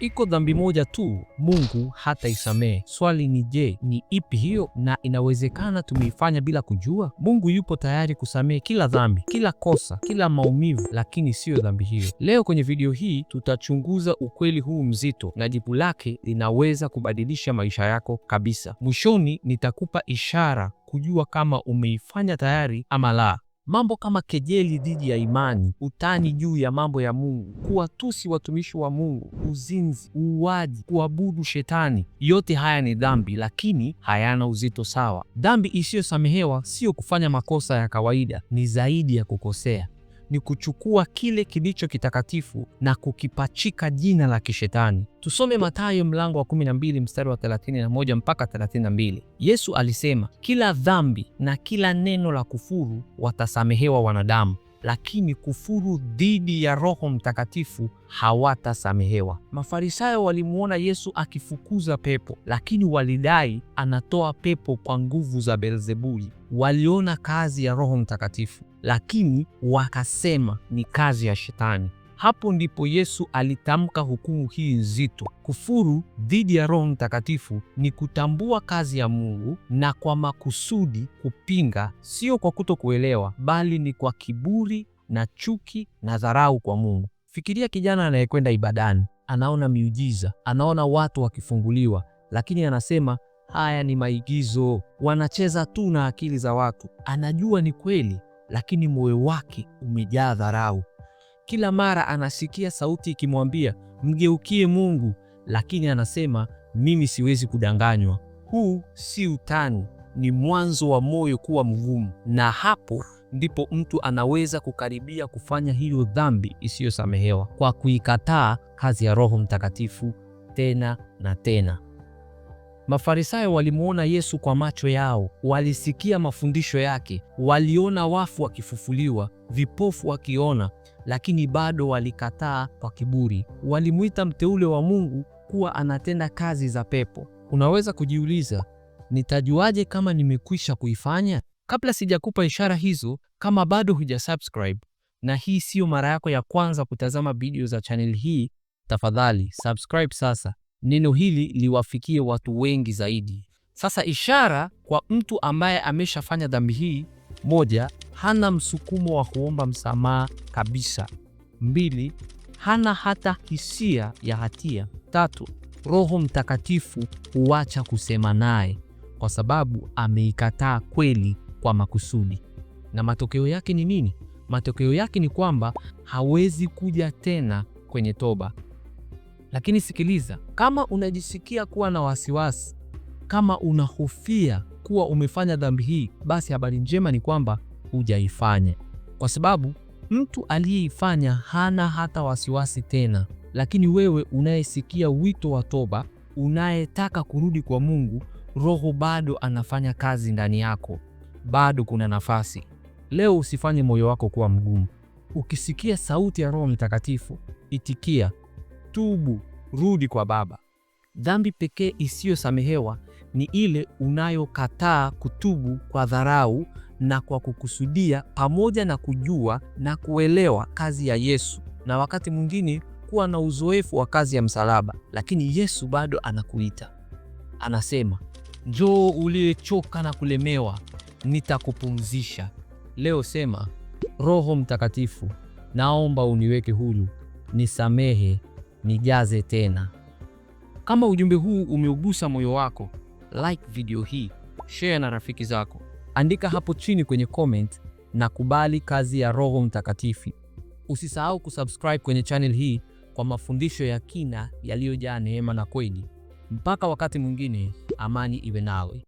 Iko dhambi moja tu Mungu hata isamehe Swali ni je, ni ipi hiyo? Na inawezekana tumeifanya bila kujua? Mungu yupo tayari kusamehe kila dhambi, kila kosa, kila maumivu, lakini siyo dhambi hiyo. Leo kwenye video hii tutachunguza ukweli huu mzito, na jibu lake linaweza kubadilisha maisha yako kabisa. Mwishoni nitakupa ishara kujua kama umeifanya tayari ama la. Mambo kama kejeli dhidi ya imani, utani juu ya mambo ya Mungu, kuwatusi watumishi wa Mungu, uzinzi, uuaji, kuabudu shetani, yote haya ni dhambi, lakini hayana uzito sawa. Dhambi isiyosamehewa sio kufanya makosa ya kawaida, ni zaidi ya kukosea ni kuchukua kile kilicho kitakatifu na kukipachika jina la kishetani. Tusome Mathayo mlango wa 12 mstari wa 31 mpaka 32. Yesu alisema, kila dhambi na kila neno la kufuru watasamehewa wanadamu lakini kufuru dhidi ya Roho Mtakatifu hawatasamehewa. Mafarisayo walimwona Yesu akifukuza pepo, lakini walidai anatoa pepo kwa nguvu za Beelzebuli. Waliona kazi ya Roho Mtakatifu, lakini wakasema ni kazi ya Shetani. Hapo ndipo Yesu alitamka hukumu hii nzito. Kufuru dhidi ya Roho Mtakatifu ni kutambua kazi ya Mungu na kwa makusudi kupinga, sio kwa kutokuelewa, bali ni kwa kiburi na chuki na dharau kwa Mungu. Fikiria kijana anayekwenda ibadani, anaona miujiza, anaona watu wakifunguliwa, lakini anasema haya ni maigizo, wanacheza tu na akili za watu. Anajua ni kweli lakini moyo wake umejaa dharau. Kila mara anasikia sauti ikimwambia mgeukie Mungu, lakini anasema mimi siwezi kudanganywa. Huu si utani, ni mwanzo wa moyo kuwa mgumu, na hapo ndipo mtu anaweza kukaribia kufanya hiyo dhambi isiyosamehewa kwa kuikataa kazi ya Roho Mtakatifu tena na tena. Mafarisayo walimwona Yesu kwa macho yao, walisikia mafundisho yake, waliona wafu wakifufuliwa, vipofu wakiona, lakini bado walikataa kwa kiburi. Walimwita mteule wa Mungu kuwa anatenda kazi za pepo. Unaweza kujiuliza, nitajuaje kama nimekwisha kuifanya? Kabla sijakupa ishara hizo, kama bado hujasubscribe na hii siyo mara yako ya kwanza kutazama video za channel hii, tafadhali subscribe sasa neno hili liwafikie watu wengi zaidi. Sasa ishara kwa mtu ambaye ameshafanya dhambi hii: moja, hana msukumo wa kuomba msamaha kabisa. Mbili, hana hata hisia ya hatia. Tatu, Roho Mtakatifu huacha kusema naye kwa sababu ameikataa kweli kwa makusudi. Na matokeo yake ni nini? Matokeo yake ni kwamba hawezi kuja tena kwenye toba. Lakini sikiliza, kama unajisikia kuwa na wasiwasi, kama unahofia kuwa umefanya dhambi hii, basi habari njema ni kwamba hujaifanya, kwa sababu mtu aliyeifanya hana hata wasiwasi tena. Lakini wewe unayesikia wito wa toba, unayetaka kurudi kwa Mungu, Roho bado anafanya kazi ndani yako, bado kuna nafasi. Leo usifanye moyo wako kuwa mgumu. Ukisikia sauti ya Roho Mtakatifu, itikia tubu, rudi kwa Baba. Dhambi pekee isiyosamehewa ni ile unayokataa kutubu kwa dharau na kwa kukusudia, pamoja na kujua na kuelewa kazi ya Yesu na wakati mwingine kuwa na uzoefu wa kazi ya msalaba. Lakini Yesu bado anakuita, anasema, njoo uliyechoka na kulemewa, nitakupumzisha. Leo sema, Roho Mtakatifu, naomba uniweke huru, nisamehe nijaze tena. Kama ujumbe huu umeugusa moyo wako, like video hii, share na rafiki zako, andika hapo chini kwenye comment na kubali kazi ya Roho Mtakatifu. Usisahau kusubscribe kwenye channel hii kwa mafundisho ya kina yaliyojaa neema na kweli. Mpaka wakati mwingine, amani iwe nawe.